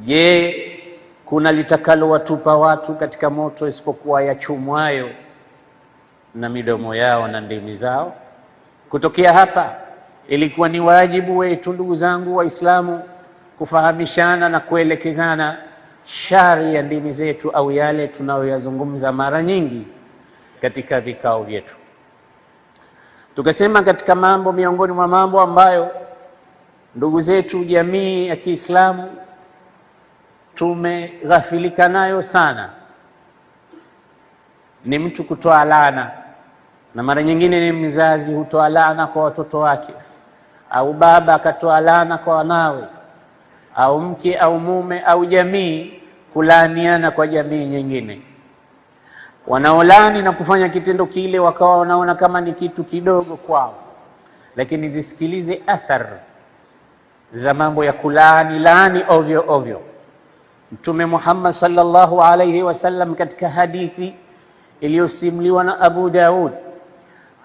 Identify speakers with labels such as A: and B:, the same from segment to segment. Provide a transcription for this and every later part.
A: Je, kuna litakalowatupa watu katika moto isipokuwa yachumwayo na midomo yao na ndimi zao? Kutokea hapa ilikuwa ni wajibu wetu ndugu zangu Waislamu kufahamishana na kuelekezana shari ya ndimi zetu au yale tunayoyazungumza mara nyingi katika vikao vyetu. Tukasema katika mambo, miongoni mwa mambo ambayo ndugu zetu jamii ya Kiislamu tumeghafilika nayo sana ni mtu kutoa laana, na mara nyingine ni mzazi hutoa laana kwa watoto wake, au baba akatoa laana kwa wanawe, au mke au mume au jamii, kulaaniana kwa jamii nyingine. Wanaolaani na kufanya kitendo kile wakawa wanaona kama ni kitu kidogo kwao, lakini zisikilize athari za mambo ya kulaani laani ovyo ovyo. Mtume Muhammad sallallahu alayhi wasallam katika hadithi iliyosimliwa na Abu Daud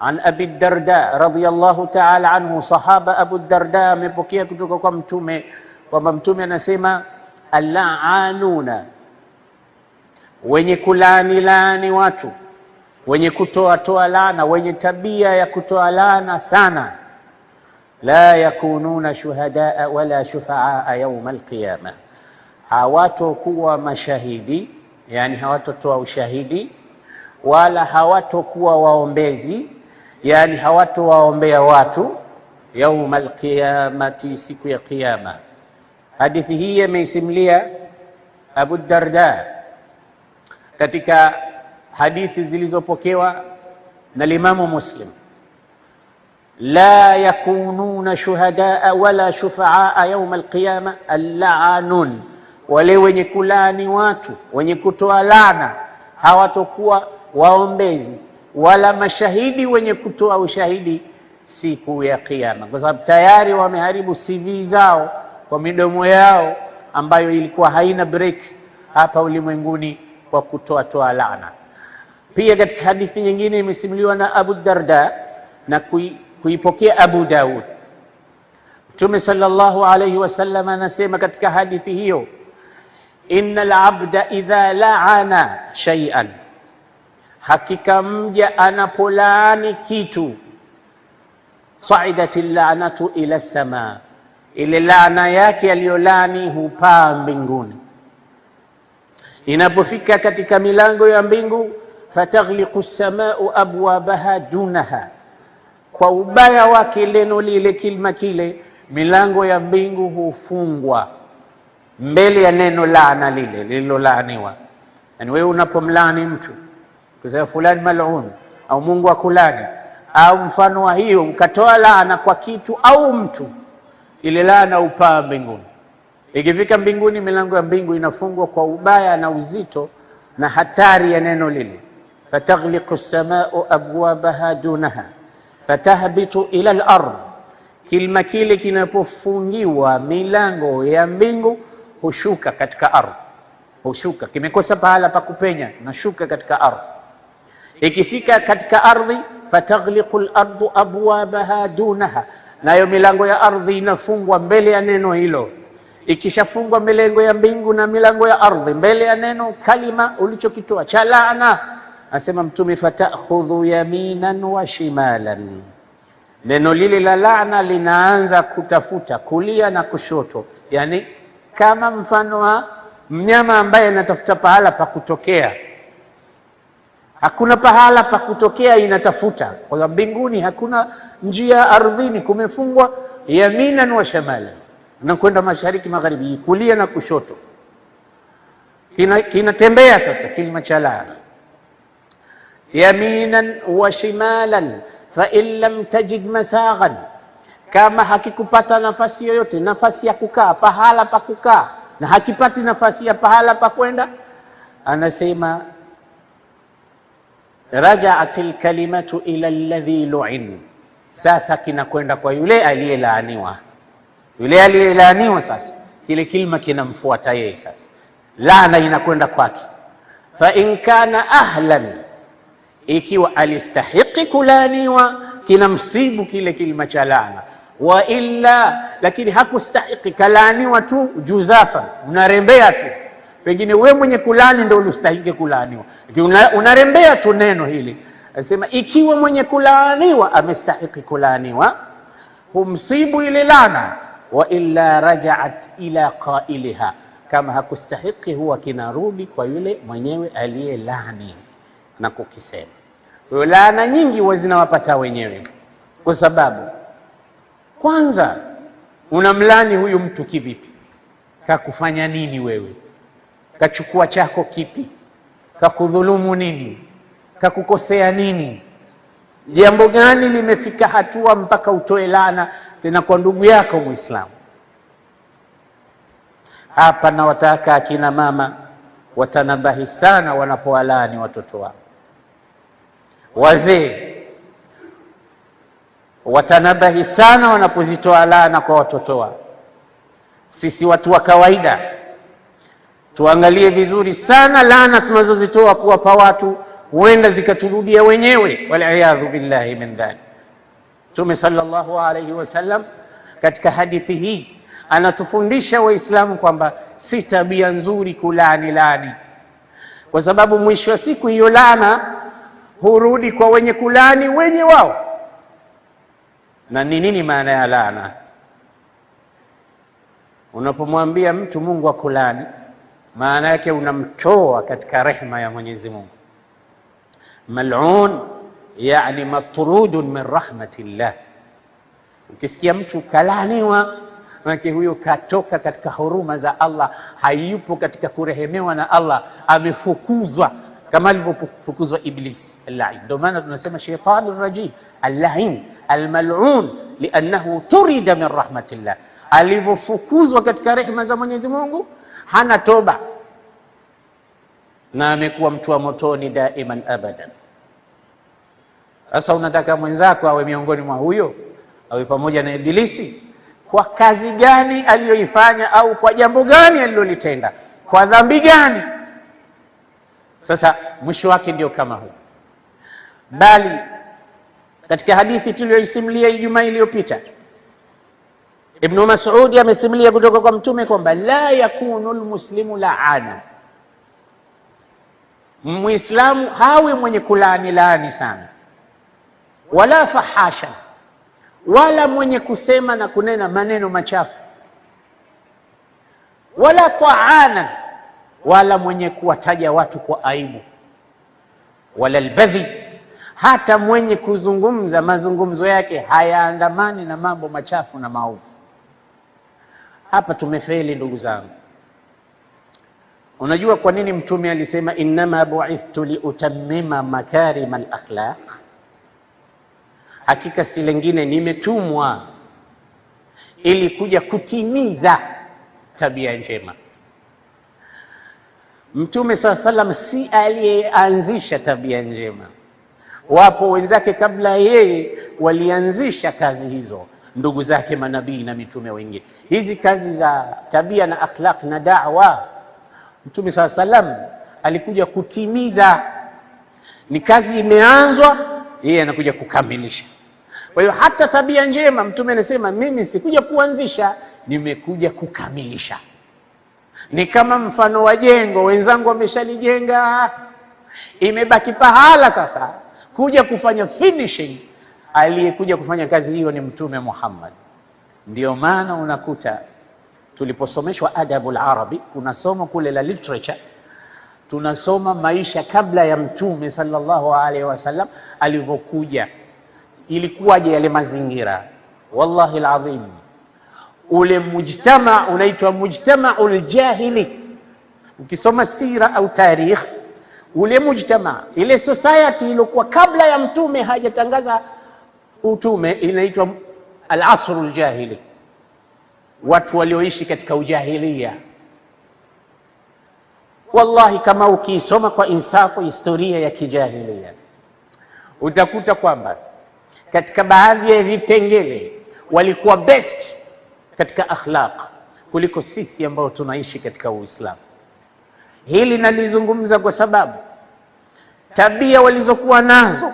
A: an Abi Darda radhiyallahu ta'ala anhu, sahaba Abu Darda amepokea kutoka kwa mtume kwamba mtume anasema allaanuna wenye kulaani laani watu, wenye kutoa toa laana, wenye tabia ya kutoa laana sana, la yakununa shuhadaa wala shufaa yauma alqiyama hawatokuwa mashahidi, yani hawatotoa ushahidi wala hawatokuwa waombezi, yani hawatowaombea watu yaumal qiyamati, siku ya Kiyama. Hadithi hii ameisimulia Abu Darda katika hadithi zilizopokewa na limamu Muslim, la yakununa shuhadaa wala shufaa yauma alqiyama allanun wale wenye kulaani watu, wenye kutoa laana hawatokuwa waombezi wala mashahidi wenye kutoa ushahidi siku ya Kiyama, kwa sababu tayari wameharibu CV zao kwa midomo yao ambayo ilikuwa haina break hapa ulimwenguni kwa kutoa toa lana. Pia katika hadithi nyingine imesimuliwa na Abu Darda na kui, kuipokea Abu Daud. Mtume sallallahu alaihi wasallam anasema katika hadithi hiyo innal abda idha laana shay'an, hakika mja anapolaani kitu saidat lanatu ila samaa, ile laana yake aliyolaani hupaa mbinguni. Inapofika katika milango ya mbingu, fataghliqu samau abwabaha dunaha, kwa ubaya wake leno lile, kilma kile, milango ya mbingu hufungwa mbele ya neno laana lile lililolaaniwa. Yani wewe unapomlaani mtu kusema fulani malun au Mungu akulani au mfano wa hiyo, ukatoa laana kwa kitu au mtu, ile laana upaa mbinguni. Ikifika mbinguni, milango ya mbingu inafungwa kwa ubaya na uzito na hatari ya neno lile. Fataghliqu lsamau abwabaha dunaha fatahbitu ila al lard, kilima kile kinapofungiwa milango ya mbingu hushuka katika ardhi, hushuka kimekosa pahala pa kupenya, nashuka katika ardhi. Ikifika katika ardhi, fataghliqu al-ardu abwabaha dunaha, nayo milango ya ardhi inafungwa mbele ya neno hilo. Ikishafungwa milango ya mbingu na milango ya ardhi mbele ya neno kalima ulichokitoa cha laana, asema Mtume, fatakhudhu yaminan wa shimalan Neno lile la laana linaanza kutafuta kulia na kushoto, yani kama mfano wa mnyama ambaye anatafuta pahala pa kutokea. Hakuna pahala pa kutokea, inatafuta kwa sababu mbinguni hakuna njia, ardhini kumefungwa, yaminan wa shamali, nakwenda mashariki, magharibi, kulia na kushoto, kinatembea. Kina sasa kilima cha laana, yaminan wa shimalan fa in lam tajid masaghan kama hakikupata nafasi yoyote, nafasi ya kukaa pahala pa kukaa, na hakipati nafasi ya pahala pa kwenda, anasema rajaat alkalimatu ila alladhi lu'in, sasa kinakwenda kwa yule aliyelaaniwa. Yule aliyelaaniwa sasa, kile kilima kinamfuata yeye sasa, laana inakwenda kwake. Fa in kana ahlan, ikiwa alistahiqi kulaaniwa, kinamsibu kile kilima cha laana wa illa, lakini hakustahiki kalaaniwa tu juzafa, unarembea tu. Pengine we mwenye kulani ndio ulistahiki kulaaniwa, lakini una, unarembea tu neno hili. Anasema ikiwa mwenye kulaaniwa amestahiki kulaaniwa, humsibu ile lana Wa illa rajaat ila qailiha, kama hakustahiki huwa kinarudi kwa yule mwenyewe aliyelaani na kukisema. Kwa hiyo laana nyingi huwa zinawapata wenyewe kwa sababu kwanza unamlani huyu mtu kivipi? Kakufanya nini wewe? Kachukua chako kipi? Kakudhulumu nini? Kakukosea nini? Jambo gani limefika hatua mpaka utoe laana tena kwa ndugu yako Muislamu? Hapa nawataka akina mama watanabahi sana wanapowalaani watoto wao, wazee watanabahi sana wanapozitoa laana kwa watoto wao. Sisi watu wa kawaida tuangalie vizuri sana laana tunazozitoa kuwapa watu, huenda zikaturudia wenyewe, waliyadhu billahi min dhalik. Mtume sallallahu alayhi wasallam katika hadithi hii anatufundisha Waislamu kwamba si tabia nzuri kulaani laani, kwa sababu mwisho wa siku hiyo laana hurudi kwa wenye kulaani wenye wao na ni nini maana ya laana? Unapomwambia mtu Mungu akulani, maana yake unamtoa katika rehma ya Mwenyezi Mungu. Mal'un yani matrudun min rahmatillah. Ukisikia mtu kalaaniwa, manake huyo katoka katika huruma za Allah, hayupo katika kurehemewa na Allah, amefukuzwa kama alivyofukuzwa Iblis al-la'in. Ndio maana tunasema shaitani rajim al-la'in al-mal'un, li'annahu turida min rahmatillah, alivyofukuzwa katika rehema za Mwenyezi Mungu, hana toba na amekuwa mtu wa motoni daiman abadan. Sasa unataka mwenzako awe miongoni mwa huyo, awe pamoja na iblisi Kwa kazi gani aliyoifanya, au kwa jambo gani alilolitenda, kwa dhambi gani? Sasa mwisho wake ndio kama huu, bali katika hadithi tuliyoisimulia Ijumaa iliyopita Ibnu Mas'udi amesimulia kutoka kwa Mtume kwamba la yakunu lmuslimu laana, muislamu hawi mwenye kulaani laani sana, wala fahasha, wala mwenye kusema na kunena maneno machafu, wala taana wala mwenye kuwataja watu kwa aibu, wala albadhi, hata mwenye kuzungumza mazungumzo yake hayaandamani na mambo machafu na maovu. Hapa tumefeli ndugu zangu. Unajua kwa nini Mtume alisema innama buithtu liutammima makarima alakhlaq, hakika si lengine nimetumwa ili kuja kutimiza tabia njema. Mtume saa salam si aliyeanzisha tabia njema, wapo wenzake kabla yeye walianzisha kazi hizo, ndugu zake manabii na mitume wengine. Hizi kazi za tabia na akhlaq na da'wa, Mtume saa salam alikuja kutimiza. Ni kazi imeanzwa, yeye anakuja kukamilisha. Kwa hiyo hata tabia njema, Mtume anasema mimi sikuja kuanzisha, nimekuja kukamilisha. Ni kama mfano wa jengo, wenzangu wameshalijenga, imebaki pahala sasa kuja kufanya finishing. Aliyekuja kufanya kazi hiyo ni Mtume Muhammad. Ndio maana unakuta tuliposomeshwa adabul arabi, kuna somo kule la literature tunasoma maisha kabla ya Mtume sallallahu alaihi wasallam alivyokuja, ilikuwaje yale mazingira? Wallahi alazim ule mujtama unaitwa mujtamau ljahili. Ukisoma sira au tarikh, ule mujtama, ile society iliyokuwa kabla ya mtume hajatangaza utume inaitwa alasru ljahili, watu walioishi katika ujahilia. Wallahi, kama ukiisoma kwa insafu historia ya kijahilia utakuta kwamba katika baadhi ya vipengele walikuwa best katika akhlaq kuliko sisi ambao tunaishi katika Uislamu. Hili nalizungumza kwa sababu tabia walizokuwa nazo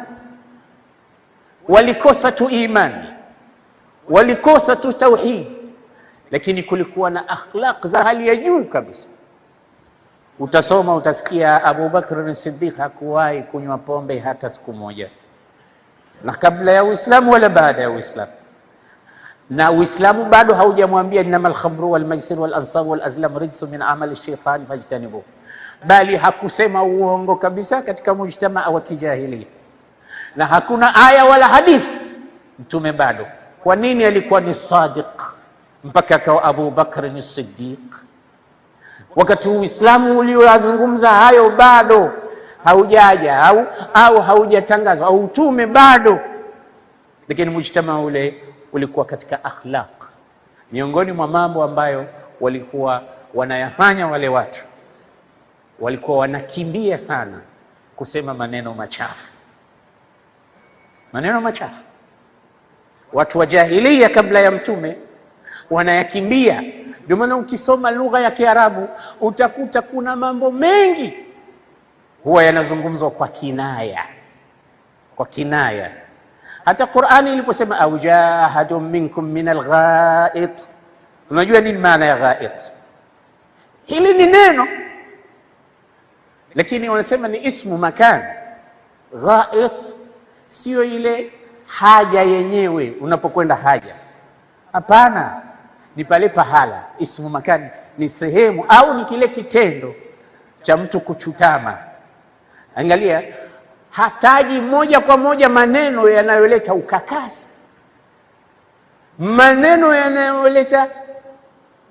A: walikosa tu imani, walikosa tu tauhidi, lakini kulikuwa na akhlaq za hali ya juu kabisa. Utasoma utasikia Abu Bakr Siddiq hakuwahi kunywa pombe hata siku moja, na kabla ya Uislamu wala baada ya Uislamu na Uislamu bado haujamwambia inama alkhamru walmaisir walansabu walazlam rijsu min amali shaitani fajtanibu, bali hakusema uongo kabisa katika mujtamaa wa kijahilia, na hakuna aya wala hadithi. Mtume bado kwa nini alikuwa ni sadiq mpaka akawa Abu Bakr ni Siddiq, wakati Uislamu uliozungumza hayo bado haujaja au, au haujatangazwa au utume bado, lakini mujtamaa ule ulikuwa katika akhlaq. Miongoni mwa mambo ambayo walikuwa wanayafanya wale watu, walikuwa wanakimbia sana kusema maneno machafu, maneno machafu. Watu wa jahilia kabla ya Mtume wanayakimbia. Ndio maana ukisoma lugha ya Kiarabu utakuta kuna mambo mengi huwa yanazungumzwa kwa kinaya, kwa kinaya hata Qur'ani iliposema au jahadu minkum min alghait, unajua nini maana ya ghait? Hili ni neno lakini wanasema ni ismu makan. Ghait siyo ile haja yenyewe, unapokwenda haja. Hapana, ni pale pahala. Ismu makan ni sehemu au ni kile kitendo cha mtu kuchutama. Angalia hataji moja kwa moja maneno yanayoleta ukakasi, maneno yanayoleta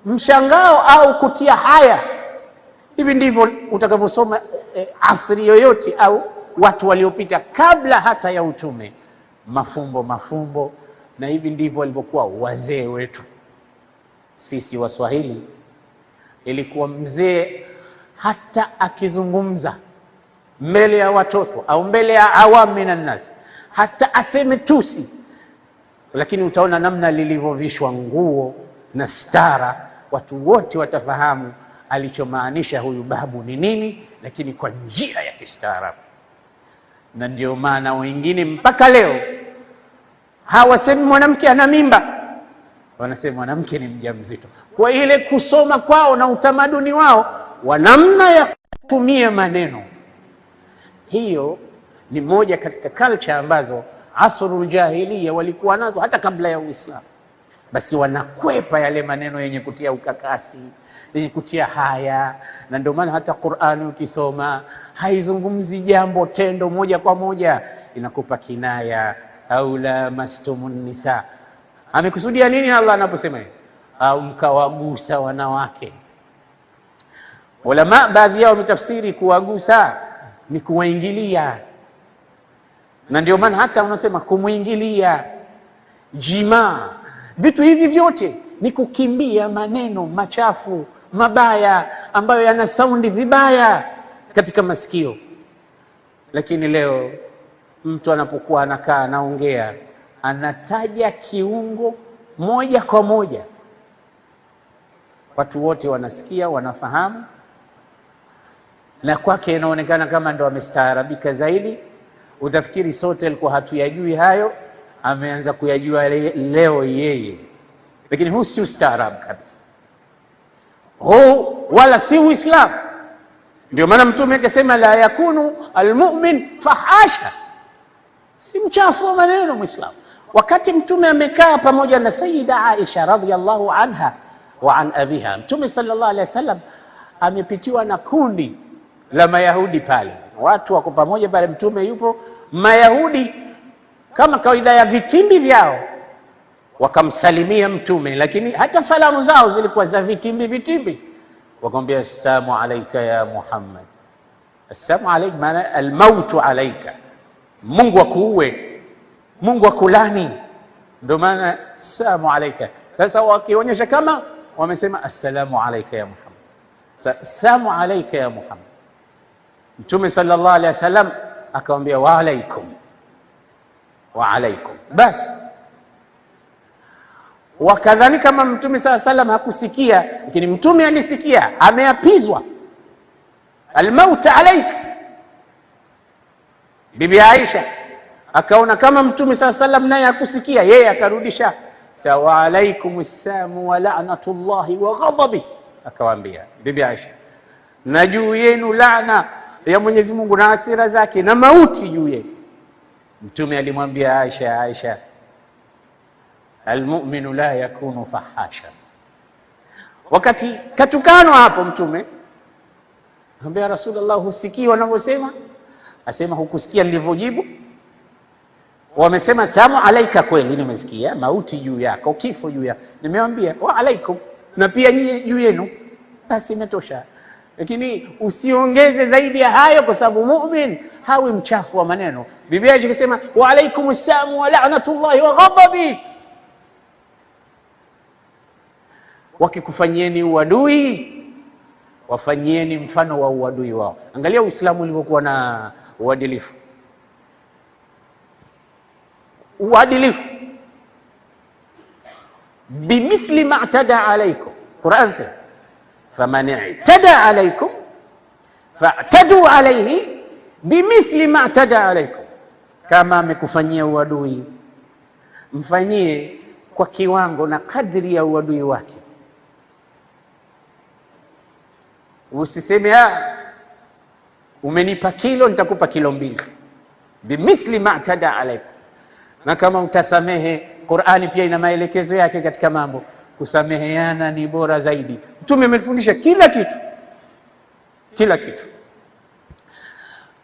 A: mshangao au kutia haya. Hivi ndivyo utakavyosoma e, asri yoyote au watu waliopita kabla hata ya utume, mafumbo mafumbo. Na hivi ndivyo walivyokuwa wazee wetu sisi Waswahili. Ilikuwa mzee hata akizungumza mbele ya watoto au mbele ya awam minan nas, hata aseme tusi, lakini utaona namna lilivyovishwa nguo na stara, watu wote watafahamu alichomaanisha huyu babu ni nini, lakini kwa njia ya kistaarabu. Na ndio maana wengine mpaka leo hawasemi mwanamke ana mimba, wanasema mwanamke ni mjamzito, kwa ile kusoma kwao na utamaduni wao wa namna ya kutumia maneno hiyo ni moja katika culture ambazo asrul jahiliya walikuwa nazo hata kabla ya Uislamu. Basi wanakwepa yale maneno yenye kutia ukakasi, yenye kutia haya, na ndio maana hata Qur'ani ukisoma haizungumzi jambo tendo moja kwa moja, inakupa kinaya au mastumun nisa. Amekusudia nini Allah anaposema hivi? Au mkawagusa wanawake. Ulama baadhi yao wametafsiri kuwagusa ni kuwaingilia, na ndio maana hata unasema kumwingilia jimaa. Vitu hivi vyote ni kukimbia maneno machafu mabaya ambayo yana saundi vibaya katika masikio. Lakini leo mtu anapokuwa anakaa anaongea, anataja kiungo moja kwa moja, watu wote wanasikia, wanafahamu na kwake inaonekana kama ndo amestaarabika zaidi. Utafikiri sote alikuwa hatuyajui hayo, ameanza kuyajua leo yeye, lakini huu si ustaarabu kabisa, huu wala si Uislamu. Ndio maana Mtume akasema la yakunu almu'min fahasha, si mchafu wa maneno Mwislamu. Wakati Mtume amekaa pamoja na Sayida Aisha radhiyallahu anha wa an abiha, Mtume sallallahu alaihi wasallam amepitiwa na kundi la Mayahudi pale, watu wako pamoja pale, mtume yupo. Mayahudi kama kawaida ya vitimbi vyao wakamsalimia mtume, lakini hata salamu zao zilikuwa za vitimbi vitimbi. Wakamwambia assalamu alaika ya Muhammad, assalamu alaika maana almautu alaika, Mungu akuue, Mungu akulani. Ndio maana assalamu alaika. Sasa wakionyesha kama wamesema assalamu alaika ya Muhammad, assalamu alaika ya Muhammad Mtume sallallahu alaihi wasallam akamwambia wa alaikum wa alaikum, basi wakadhani kama Mtume sallallahu alaihi wasallam hakusikia, lakini Mtume alisikia, ameapizwa almaut alaik. Bibi Aisha akaona kama Mtume sallallahu alaihi wasallam naye hakusikia, yeye akarudisha sa wa alaikum ssamu wa laanatullahi wa ghadabi, akawaambia Bibi Aisha, na juu yenu laana ya Mwenyezi Mungu na hasira zake na mauti juu yetu. Mtume alimwambia Aisha, Aisha, almuminu la yakunu fahasha. Wakati katukano hapo, Mtume ambia Rasulullah, husikii wanavyosema? Asema hukusikia nilivyojibu? Wamesema samu alaika, kweli nimesikia, mauti juu yako, kifo juu yako. Nimewambia wa alaikum, na pia nyie juu yenu. Basi imetosha lakini usiongeze zaidi ya hayo, kwa sababu mumin hawi mchafu wa maneno. Biblia ikisema wa alaikum samu wa laanatullahi wa ghadabi, wakikufanyieni uadui wafanyieni mfano wa uadui wao. Angalia Uislamu ulivyokuwa na uadilifu, uadilifu bimithli ma tada alaikum Quran sema faman i'tada alaykum fa'tadu alayhi bimithli ma i'tada alaykum, kama amekufanyia uadui mfanyie kwa kiwango na kadri ya uadui wake. Usiseme ah, umenipa kilo nitakupa kilo mbili. Bimithli ma tada alaykum. Na kama utasamehe, Qur'ani pia ina maelekezo yake katika mambo kusameheana ni bora zaidi. Mtume ametufundisha kila kitu, kila kitu.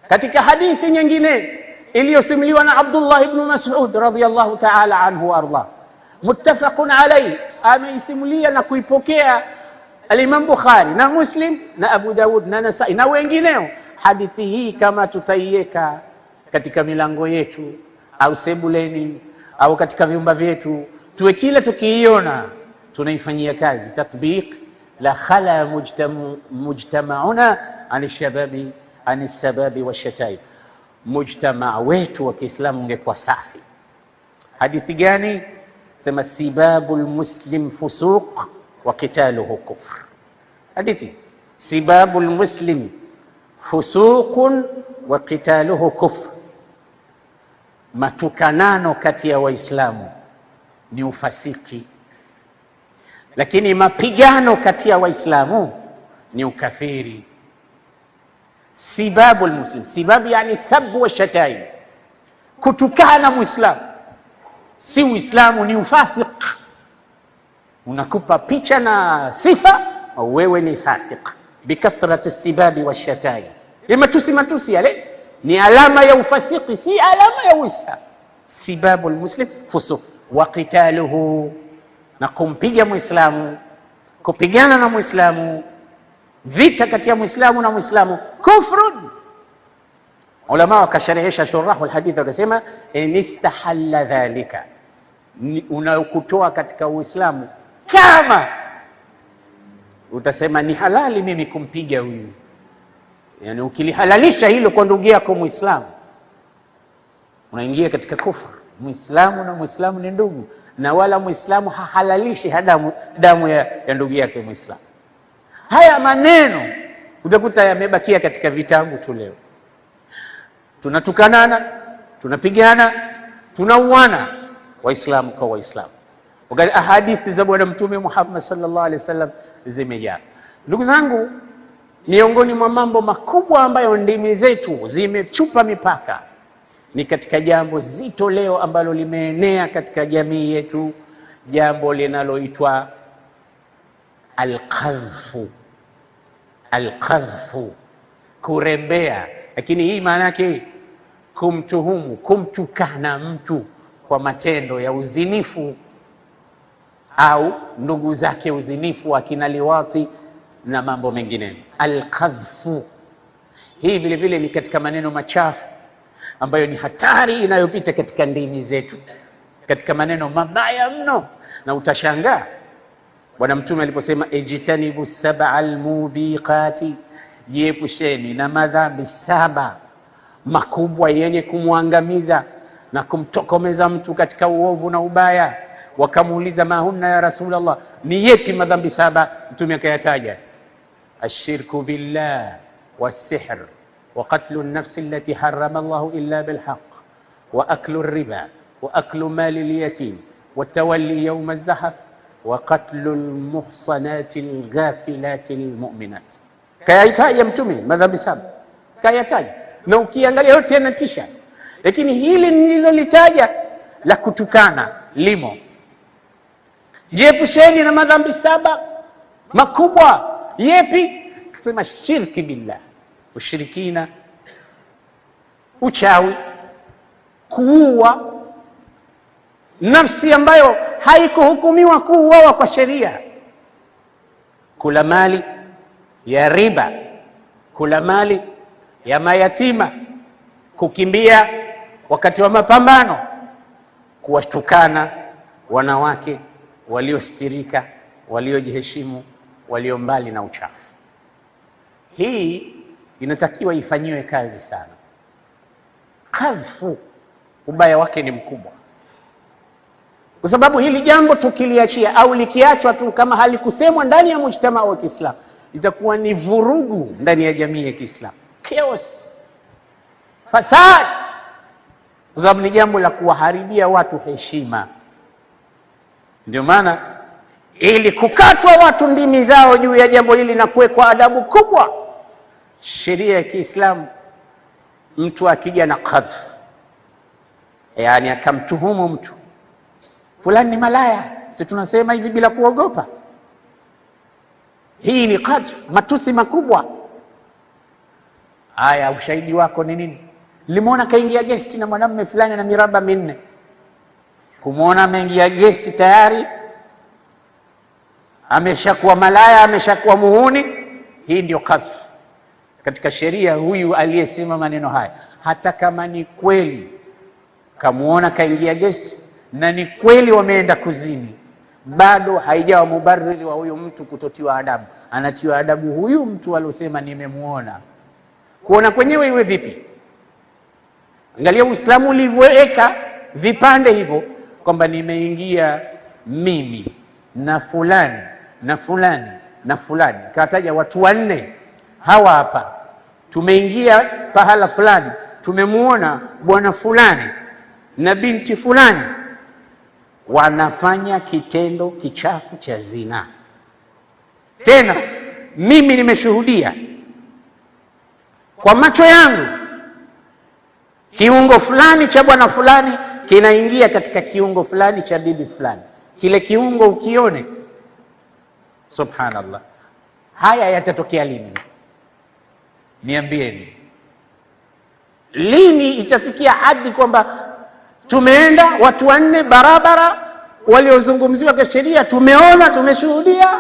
A: Katika hadithi nyingine iliyosimuliwa na Abdullah ibn Mas'ud radhiyallahu ta'ala anhu wa arda, muttafaqun alayhi, ameisimulia na kuipokea Al-Imam Bukhari na Muslim na Abu Daud na Nasai na wengineo. Hadithi hii kama tutaiweka katika milango yetu au sebuleni au katika vyumba vyetu, tuwe kila tukiiona تنيفني كازي تطبيق لخلى مجتم مجتمعنا عن الشباب عن السباب والشتايم مجتمع ويت وكإسلام يكوى صافي حديث ثاني سما سباب المسلم فسوق وقتاله كفر حديثي سباب المسلم فسوق وقتاله كفر ما تكنانو كتيا وإسلام نيو فسيقي Lakini mapigano kati ya Waislamu ni ukafiri, sibabu lmuslim. Sibabu yani sabu wa shataim, kutukana Muislamu si Uislamu, ni ufasik. Unakupa picha na sifa, wewe ni fasik bikathrati sibabi wa shataim. Ni matusi, matusi yale ni alama ya ufasiki, si alama ya Uislamu. Sibabu lmuslim fusuq wa qitaluhu na kumpiga Mwislamu, kupigana na Mwislamu, vita kati ya Mwislamu na Mwislamu kufrun. Ulama wakasharehesha shurahu lhadithi wakasema, inistahalla dhalika, unakutoa katika Uislamu kama utasema ni halali mimi kumpiga huyu, yani ukilihalalisha hilo kwa ndugu yako Mwislamu unaingia katika kufru muislamu na mwislamu ni ndugu, na wala mwislamu hahalalishi hadamu, damu ya, ya ndugu yake mwislamu. Haya maneno utakuta yamebakia katika vitabu tu. Leo tunatukanana, tunapigana, tunauana waislamu kwa waislamu, wakati ahadithi za Bwana Mtume Muhammad sallallahu alaihi wasallam zimejaa. Ndugu zangu, miongoni mwa mambo makubwa ambayo ndimi zetu zimechupa mipaka ni katika jambo zito leo ambalo limeenea katika jamii yetu, jambo linaloitwa alqadhfu. Alqadhfu, kurembea, lakini hii maana yake kumtuhumu, kumtukana mtu kwa matendo ya uzinifu au ndugu zake uzinifu, akina liwati na mambo mengine. Alqadhfu hii vile vile ni katika maneno machafu ambayo ni hatari inayopita katika ndimi zetu, katika maneno mabaya mno. Na utashangaa Bwana Mtume aliposema ijtanibu sab'a lmubiqati, jiepusheni na madhambi saba makubwa yenye kumwangamiza na kumtokomeza mtu katika uovu na ubaya. Wakamuuliza, mahunna ya Rasulullah, ni yepi madhambi saba? Mtume akayataja ashirku billah wasihr وقتل النفس التي حرم الله الا بالحق واكل الربا واكل مال اليتيم والتولي يوم الزحف وقتل المحصنات الغافلات المؤمنات كايتاي متومي ماذا بسبب كايتاي لو كيانغالي يوتي نتيشا لكن هي نيلو لتايا لا كتوكانا ليمو جيبشيني نمدام بسبب ما كوبا يبي كسما الشرك بالله ushirikina, uchawi, kuua nafsi ambayo haikuhukumiwa kuuawa kwa sheria, kula mali ya riba, kula mali ya mayatima, kukimbia wakati wa mapambano, kuwatukana wanawake waliostirika, waliojiheshimu, walio mbali na uchafu. Hii inatakiwa ifanyiwe kazi sana. Kadhfu ubaya wake ni mkubwa, kwa sababu hili jambo tukiliachia au likiachwa tu kama halikusemwa ndani ya mujtamaa wa Kiislamu, itakuwa ni vurugu ndani ya jamii ya Kiislamu, chaos, fasad, kwa sababu ni jambo la kuwaharibia watu heshima. Ndio maana ili kukatwa watu ndimi zao juu ya jambo hili na kuwekwa adabu kubwa Sheria ya Kiislamu, mtu akija na kadhf, yani akamtuhumu mtu fulani ni malaya, si tunasema hivi bila kuogopa? Hii ni kadhf, matusi makubwa haya. Ushahidi wako ni nini? Limuona kaingia gesti na mwanamume fulani na miraba minne, kumwona ameingia gesti tayari ameshakuwa malaya, ameshakuwa muhuni. Hii ndio qadhf katika sheria huyu aliyesema maneno haya, hata kama ni kweli kamuona kaingia gesti na ni kweli wameenda kuzini, bado haijawa mubariri wa huyu mtu kutotiwa adabu. Anatiwa adabu huyu mtu aliosema nimemuona. Kuona kwenyewe iwe vipi? Angalia Uislamu ulivyoweka vipande hivyo kwamba nimeingia mimi na fulani na fulani na fulani, kataja watu wanne hawa hapa tumeingia pahala fulani, tumemwona bwana fulani na binti fulani wanafanya kitendo kichafu cha zina. Tena mimi nimeshuhudia kwa macho yangu, kiungo fulani cha bwana fulani kinaingia katika kiungo fulani cha bibi fulani, kile kiungo ukione. Subhanallah, haya yatatokea lini? Niambieni, lini itafikia hadhi kwamba tumeenda watu wanne barabara waliozungumziwa kwa sheria, tumeona tumeshuhudia?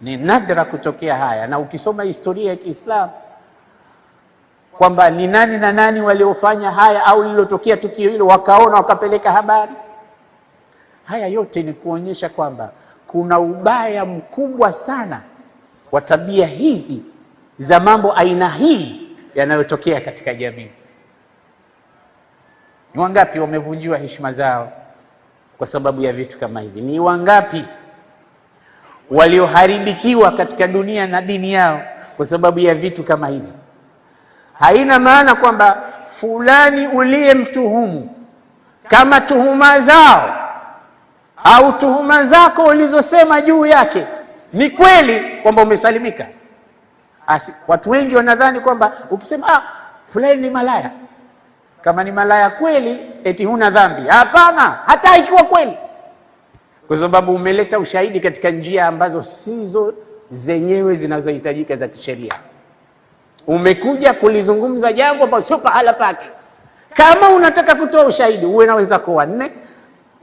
A: Ni nadra kutokea haya, na ukisoma historia ya Kiislamu kwamba ni nani na nani waliofanya haya au lilotokea tukio hilo, wakaona wakapeleka habari. Haya yote ni kuonyesha kwamba kuna ubaya mkubwa sana wa tabia hizi za mambo aina hii yanayotokea katika jamii. Ni wangapi wamevunjiwa heshima zao kwa sababu ya vitu kama hivi? Ni wangapi walioharibikiwa katika dunia na dini yao kwa sababu ya vitu kama hivi? Haina maana kwamba fulani uliyemtuhumu kama tuhuma zao au tuhuma zako ulizosema juu yake ni kweli kwamba umesalimika. Asi, watu wengi wanadhani kwamba ukisema ah, fulani ni malaya, kama ni malaya kweli eti huna dhambi. Hapana, hata ikiwa kweli, kwa sababu umeleta ushahidi katika njia ambazo sizo zenyewe zinazohitajika za kisheria. Umekuja kulizungumza jambo ambalo sio pahala pake. Kama unataka kutoa ushahidi, uwe na wenzako wanne,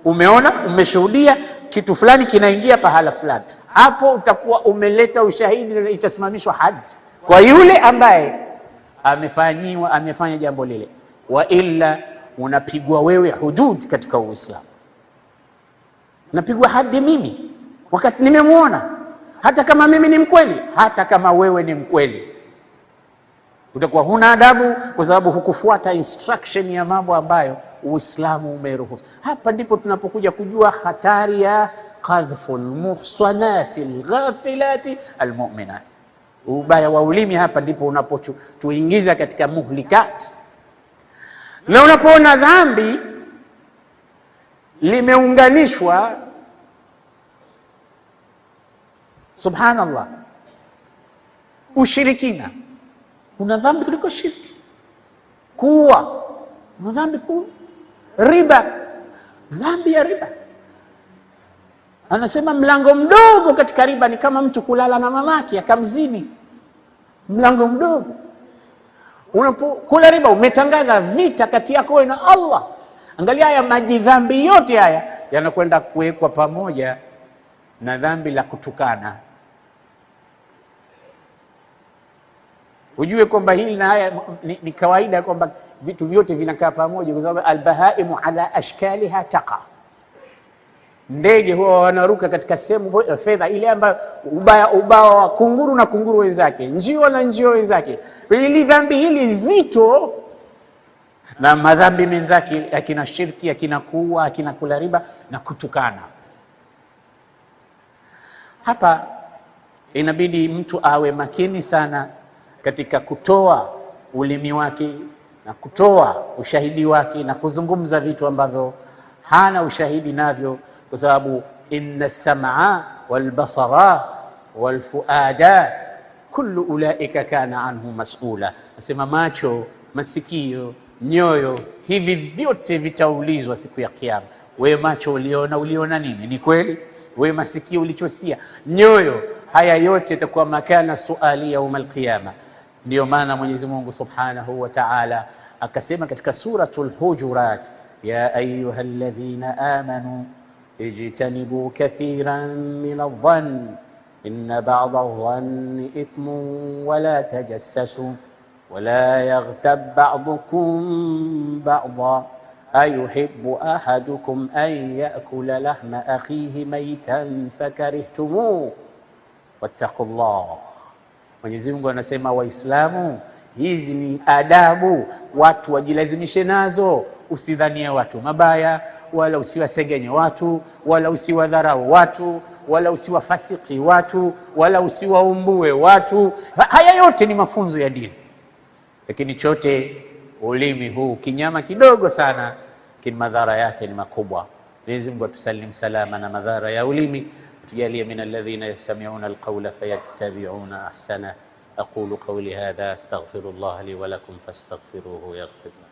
A: umeona, umeshuhudia kitu fulani kinaingia pahala fulani, hapo utakuwa umeleta ushahidi na itasimamishwa haji kwa yule ambaye amefanyiwa amefanya jambo lile, wa illa unapigwa wewe hudud katika Uislamu. Napigwa hadi mimi wakati nimemwona, hata kama mimi ni mkweli, hata kama wewe ni mkweli, utakuwa huna adabu, kwa sababu hukufuata instruction ya mambo ambayo Uislamu umeruhusu. Hapa ndipo tunapokuja kujua hatari ya qadhful lmuhsanati lghafilati almuminat. Ubaya wa ulimi, hapa ndipo unapotuingiza katika muhlikat, na unapoona dhambi limeunganishwa, subhanallah, ushirikina kuna dhambi kuliko shirki kuwa kuna dhambi kuwa riba, dhambi ya riba. Anasema mlango mdogo katika riba ni kama mtu kulala na mamake akamzini, mlango mdogo. Unapokula riba umetangaza vita kati yako wewe na Allah. Angalia haya maji dhambi yote haya yanakwenda kuwekwa pamoja na dhambi la kutukana. Ujue kwamba hili na haya ni, ni kawaida kwamba vitu vyote vinakaa pamoja, kwa sababu albahaimu ala ashkaliha taqa, ndege huwa wanaruka katika sehemu eh, fedha ile ambayo ubaya ubawa wa kunguru na kunguru wenzake, njio na njio wenzake. Ili dhambi hili zito na madhambi menzake, akina shirki, akina kuua, akina kula riba na kutukana. Hapa inabidi mtu awe makini sana katika kutoa ulimi wake na kutoa ushahidi wake na kuzungumza vitu ambavyo hana ushahidi navyo, kwa sababu inna samaa walbasara walfuada kullu ulaika kana anhu masula, asema macho, masikio, nyoyo, hivi vyote vitaulizwa siku ya Kiyama. We macho uliona, uliona nini? Ni kweli? we masikio ulichosikia, nyoyo, haya yote itakuwa makana suali yauma alqiyama Ndiyo maana Mwenyezi Mungu Subhanahu wa Ta'ala akasema katika suratul Hujurat, ya ayyuhalladhina amanu ijtanibu kathiran minadh-dhanni inna ba'dadh-dhanni ithmun wa la tajassasu wa la yaghtab ba'dukum ba'dha ayuhibbu ahadukum an ya'kula lahma akhihi maytan fakarihtumu wattaqullah Mwenyezi Mungu anasema Waislamu, hizi ni adabu, watu wajilazimishe nazo. Usidhanie watu mabaya, wala usiwasegenye watu, wala usiwadharau watu, wala usiwafasiki watu, wala usiwaumbue watu. Haya yote ni mafunzo ya dini, lakini chote ulimi huu kinyama kidogo sana, lakini madhara yake ni makubwa. Mwenyezi Mungu atusalimu salama na madhara ya ulimi. يلي من الذين يستمعون القول فيتبعون احسنه اقول قولي هذا استغفر الله لي ولكم فاستغفروه يغفر